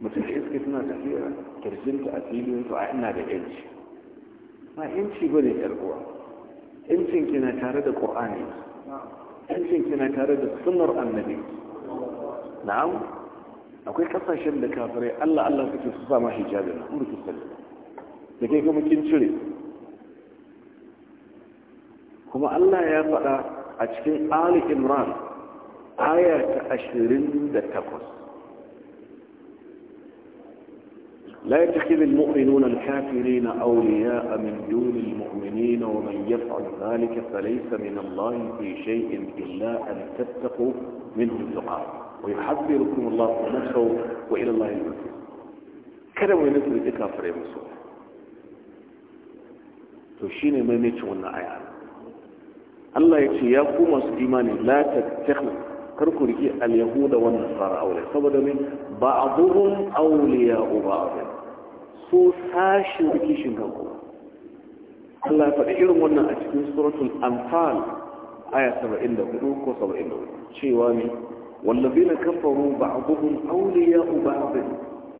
mutum da iska suna tafiya kirjinta a filin to a ina da yanci ba yanci ba ne yarguwa yancin kina tare da ƙur'ani yancin kina tare da sunnar annabi na'am akwai kasashen da kafirai Allah Allah suke su sa ma hijabin na umar da kai kuma kin cire kuma Allah ya faɗa a cikin Ali Imran aya ta 28 لا يتخذ المؤمنون الكافرين أولياء من دون المؤمنين ومن يفعل ذلك فليس من الله في شيء إلا أن تتقوا منه التقاء ويحذركم الله نفسه وإلى الله المسير كلام ينزل الكافر يا مسؤول to shi shine maimacin wannan aya Allah ya ce ya ku masu imani la tattakhlu kar ku riƙe al da wannan nasara aure saboda min ba'dhum awliya'u ba'd su sashi kishin kanku Allah ya faɗi irin wannan a cikin suratul anfal aya 74 ko 74 cewa ne wallazina kafaru ba'dhum awliya'u ba'd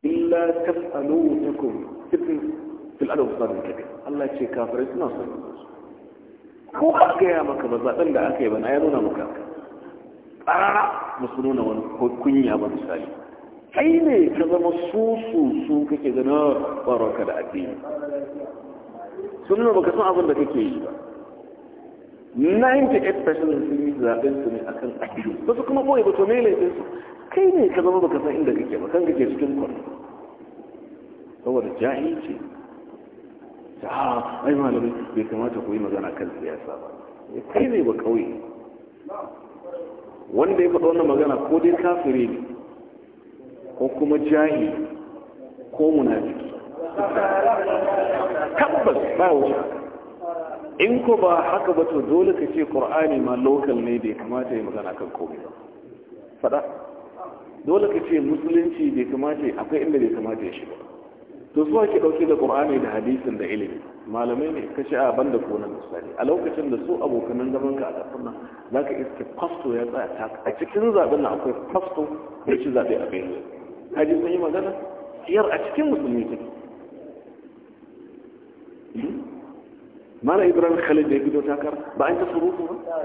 illa taf'alu takum fitnatun fil adam da kabe Allah ce kafirai suna son ko a gaya maka ba zaɓen da aka yi ba na ya nuna maka ƙarara musu nuna wani kunya ba misali kai ne ka zama su su su kake gana oh, baronka da addini sun nuna baka san abin da kake yi ba 98% sun yi zaɓen su ne a kan addini ba su kuma ɓoye ba to ne laifin su kai ne ka zama baka san inda kake ba kan kake cikin kwan saboda jahilci a ah, ai malamai bai kamata ku yi magana kan siyasa ba eh, kai ne ba kauye wanda ya faɗa wannan magana ko dai kafiri ne ko kuma jahi ko munafiki tabbas ba wuce in ko ba haka ba to dole ka ce ƙur'ani ma lokal ne bai kamata ya magana kan komai ba faɗa dole ka ce musulunci bai kamata akwai inda bai kamata ya shiga to su ake ɗauke da ƙur'ani da hadisin da ilimi malamai ne ka sha ban da kona misali a lokacin da su abokan gaban ka a ƙasar nan za ka iske fasto ya tsaya ta a cikin zaɓen nan akwai fasto da ci zaɓe a bayan kaji sun yi magana siyar a cikin musulmi ta hmm? mala ibrahim khalid da ya gido takar ba an ta surutu ba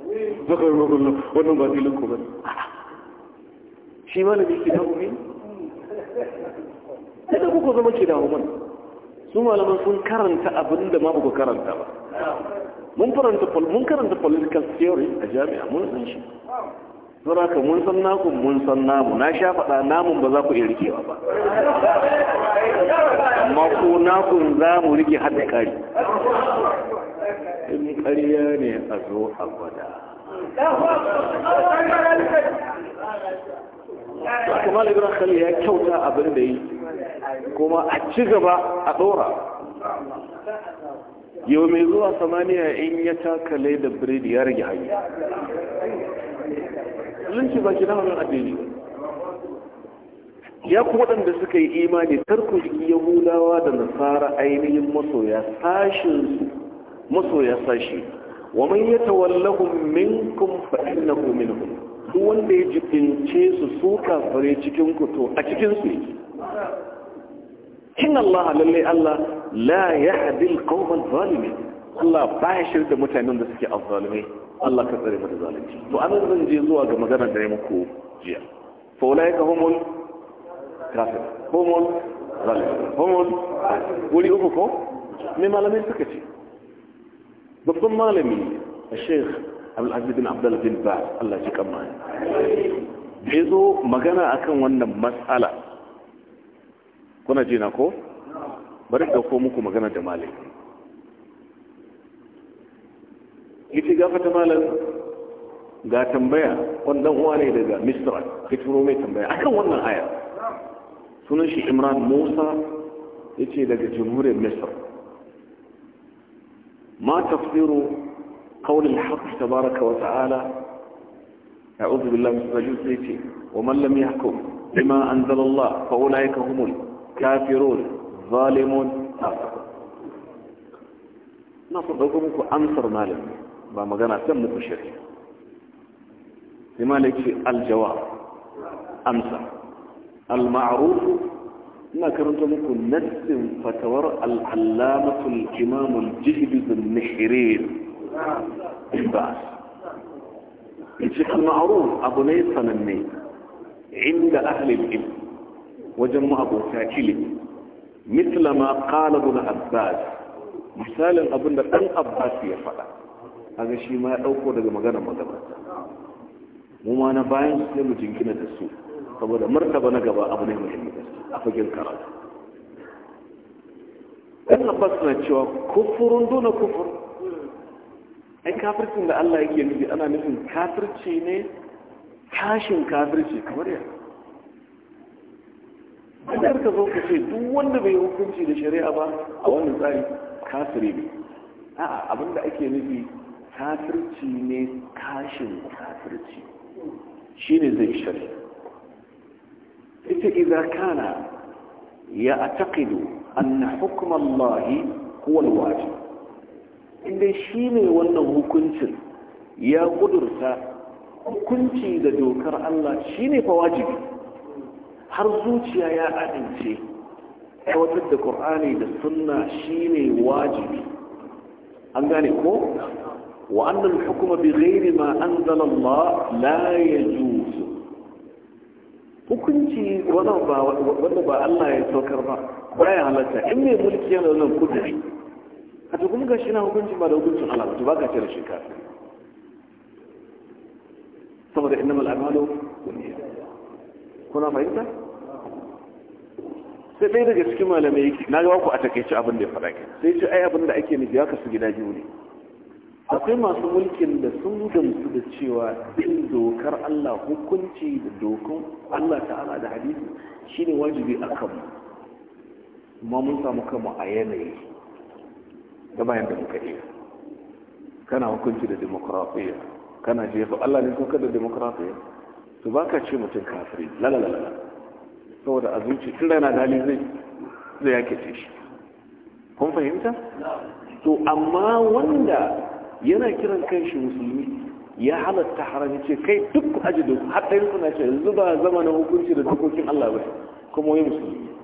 yi magana wannan ba filin ku ba shi malami ki da umi sai da kuka zama ke da mana su malaman sun karanta abin da ma ba karanta ba mun karanta political theory a jami'a mun san shi don ka mun san naku mun san namu na sha faɗa namun ba za ku iya rikewa ba amma ko nakun za mu rike har da ƙari in ƙarya ne a zo a gwada Kuma malam ibrahim ya kyauta abin da yi kuma a ci gaba a ɗora yau mai zuwa samaniya in ya takale da biredi ya rage hanyar zunci baki na hannun adini ya kuma waɗanda suka yi imani tarko jiki yahudawa da nasara ainihin masoya sashin masoya sashi wa man yatawallahum minkum fa innahu minhum duk wanda ya jibince su su kafare cikin ku a cikin su kin Allah lalle Allah la yahdi al zalimin Allah ba ya shirya mutanen da suke azzalimai Allah ka tsare mu da zalunci to an zan je zuwa ga magana da ya muku jiya fa ka humul kafir humul zalim humul wuri uku ko me malamai suka ce babban malami a الشيخ al'adu bin abdullah bin ba Allah shi kama ne. zo magana akan wannan matsala kuna jina ko bari da ko muku magana da Malik. ita gafa ta malam ga tambaya wannan uwa ne daga misra ka mai tambaya akan wannan aya sunan shi imran musa ya ce daga jamhuriyar misra ma tafsiru قول الحق تبارك وتعالى أعوذ بالله من الرجل سيتي ومن لم يحكم بما أنزل الله فأولئك هم الكافرون ظالمون نصر لكم أنصر بما ما مغانا الشرك لما لك الجواب أنصر المعروف ما karanta muku nassin فتور العلامة الإمام الجهل بن nihirin ba cikin ma'arun abu ne sananne inda ahalin ilm wajen mu abokan kili mitla ma kala guna abbas misalin abin da ɗan abbas ya faɗa a ga shi ma ya ɗauko daga magana magana mu ma na bayan su ne mutum gina da su saboda martaba na gaba abu ne muhimmi a fagen karatu ɗan abbas na cewa kufurun dole kufur ai kafircin da Allah yake nufi ana nufin kafirci ne tashin kafirci kamar yadda idan ka zo ka ce duk wanda bai hukunci da shari'a ba a wannan tsari kafiri ne a'a abinda ake nufi kafirci ne kashin kafirci shine zai shari ita idan kana ya a anna hukm Allah huwa al-wajib inda shi ne wannan hukuncin ya kudurta hukunci da dokar Allah shi ne wajibi har zuciya ya adince aiwatar da ƙur'ani da sunna shi ne wajibi an gane ko وأن الحكم بغير ما أنزل الله لا يجوز hukunci wanda ba Allah ya saukar ba ya halatta in mai mulki yana nan kudiri a to kuma gashi na hukuncin ba da hukuncin Allah to baka cire shi kafin saboda mal a'malu kuna fahimta sai ɗaya daga cikin malamai na ga ku a takaici abin da ya faɗa ki sai ce ai abin da ake nufi haka su gida biyu ne akwai masu mulkin da sun gamsu da cewa bin dokar Allah hukunci da dokun Allah ta'ala da hadisi shine wajibi a kanmu amma mun samu kanmu a yanayi da bayan da muka iya kana hukunci da demokrafiya kana jefa Allah ne kuka da demokrafiya to ba ka ce mutum kafiri lalalala saboda a zuci tun rana dali zai zai yake ce shi kun fahimta to amma wanda yana kiran kanshi musulmi ya halatta haram ce kai duk aji duk hatta yin suna ce yanzu ba zama na hukunci da dokokin Allah ba kuma wai musulmi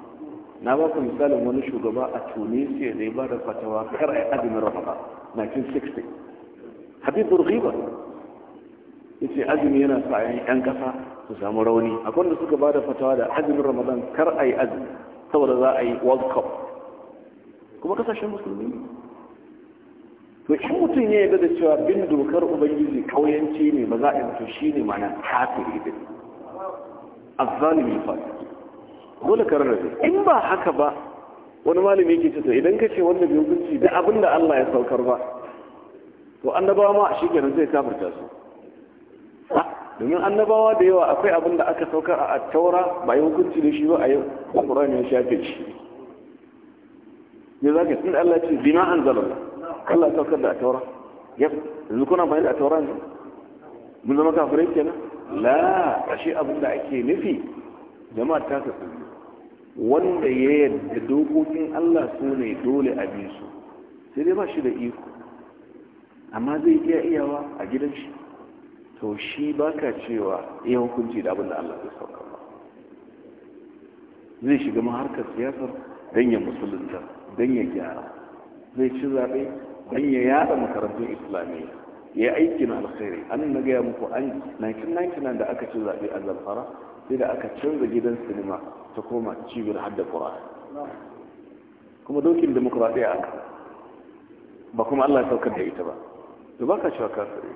na ba ku misalin wani shugaba a tunisiya da ya ba da fatawa kar a yi azumin ramadan 1960 habib burghiba ya ce azumi yana sa yan kasa su samu rauni akwai da suka ba da fatawa da azumin ramadan kar a yi azumi saboda za a yi world cup kuma kasashen musulmi to shi mutum ya yarda da cewa bin dokar ubangiji kauyanci ne ba za a yi mutu shi ne mana kafiri din azzalimi fasiki dole ka rarrabe in ba haka ba wani malami yake ce idan ka ce wanda bai hukunci da abin da Allah ya saukar ba to annabawa ma shi kenan zai kafirta su domin annabawa da yawa akwai abin da aka saukar a taura ba yi hukunci da shi ba a yau alƙur'ani ya shafe shi ne za ka tunda Allah ce bima an zalala Allah ya saukar da a taura ya yanzu kuna bayan a taura ne mun zama kafirai kenan la ashe abin da ake nufi jama'a ta kasance wanda ya yadda dokokin Allah su ne dole a bi su sai dai ba shi da iko amma zai iya iyawa a gidan shi to shi baka cewa iya hukunci da abin da Allah ya sauka ba zai shiga harkar siyasar don ya musulunta don ya gyara zai ci zaɓe don ya yada makarantun islamiyya ya aiki na alkhairi an na gaya muku an 1999 da aka ci zaɓe a zamfara sai da aka canza gidan sinima ta koma cibiyar haddar ƙura'ani kuma dokin demokuraɗiyya aka ba kuma allah ya saukar da ita ba da ba ka cewa kafiri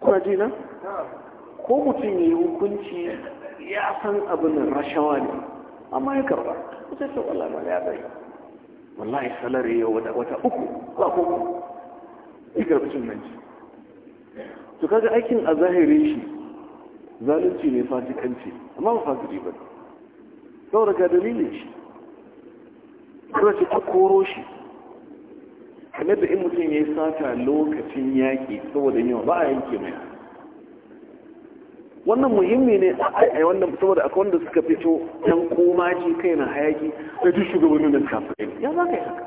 kuna ji na ko mutum ya yi hukunci ya san abin rashawa ne amma ya karba kusa sau allah ma ya bai wallahi salari ya wata uku ba uku ya karbi cin nan to kaga aikin a zahiri shi zalunci ne fasikanci amma ba fasiri ba ne yau daga dalilin shi ce ta koro shi kamar da in mutum ya yi sata lokacin yaƙi saboda yawa ba a yanke mai wannan muhimmi ne a wannan saboda akwai wanda suka fito yan komaji kai na hayaki da duk shugabannin da kafin ya za ka yi haka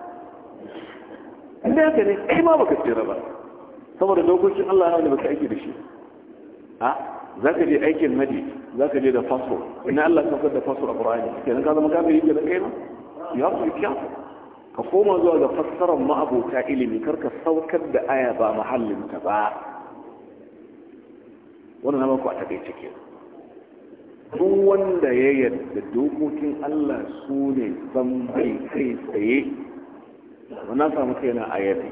inda haka ne kai ma baka tsira ba saboda dokokin Allah ya wani baka aiki da shi za ka je aikin haji za ka je da fasfo ina Allah ka fitar da fasfo a Qur'ani kenan ka zama ka kenan yi ma you have ya be careful ka koma zuwa ga fassarar ma'abota ilimi kar ka saukar da aya ba mahallin ta ba wannan na ku a takaice ke duk wanda ya yadda dokokin Allah su ne zan bai kai tsaye wannan samu kaina a yadda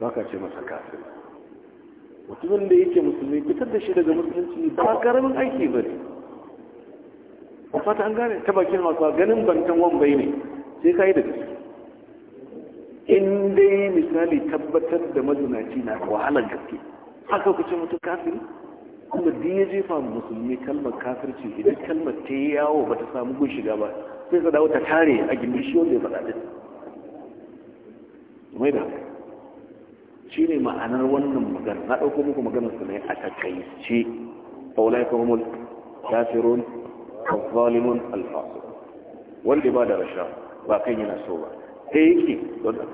ba ka ce masa kafin. mutumin da yake musulmi fitar da shi daga musulunci ba karamin aiki ba ne a fata an gane ta bakin hausa ganin bantan wambai ne sai ka yi da gaske in dai misali tabbatar da mazunaci na wahalar gaske haka kuce mutum kafiri kuma din ya jefa musulmi kalmar kafirci idan kalmar ta yi yawo ba ta samu gun shiga ba sai ka dawo ta tare a gindin shi wanda ya faɗa din mai da haka shi ne ma'anar wannan magana na ɗauko muku maganar su ne a takaice ƙaunai kawamul kafirun zalimun alfasu wanda ba da rasha ba kan yana so ba ta yake wadda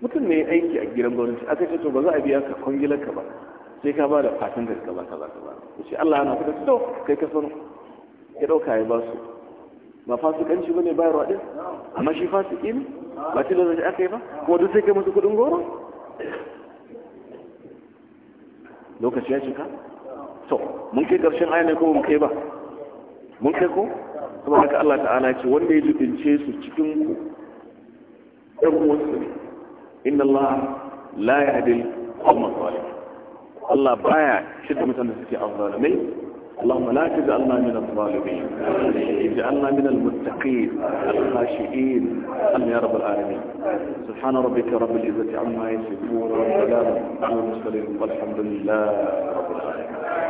mutum ne aiki a gidan gwamnati aka ce to ba za a biya ka kwangilar ka ba sai ka ba da fatan ka ba ka ba ka ba ce Allah yana kuka to kai ka sanu ya ɗauka ya ba su ba fasikanci ba ne bayarwa ɗin amma shi fasiki ne ba ci da shi aka yi ba kuma duk sai kai musu kudin goro lokaci ya cika to mun kai karshen aya ne ko mun kai ba mun kai ko saboda haka Allah ta'ala ce wanda ya jibince su cikin ku ɗan wasu ne inna Allah la yahdi al-qawma Allah baya shidda mutanen da suke azzalimai اللهم لا تجعلنا من الظالمين اجعلنا من المتقين الخاشئين أمن يا رب العالمين سبحان ربك رب العزة عما يصفون والسلام على المرسلين والحمد لله رب العالمين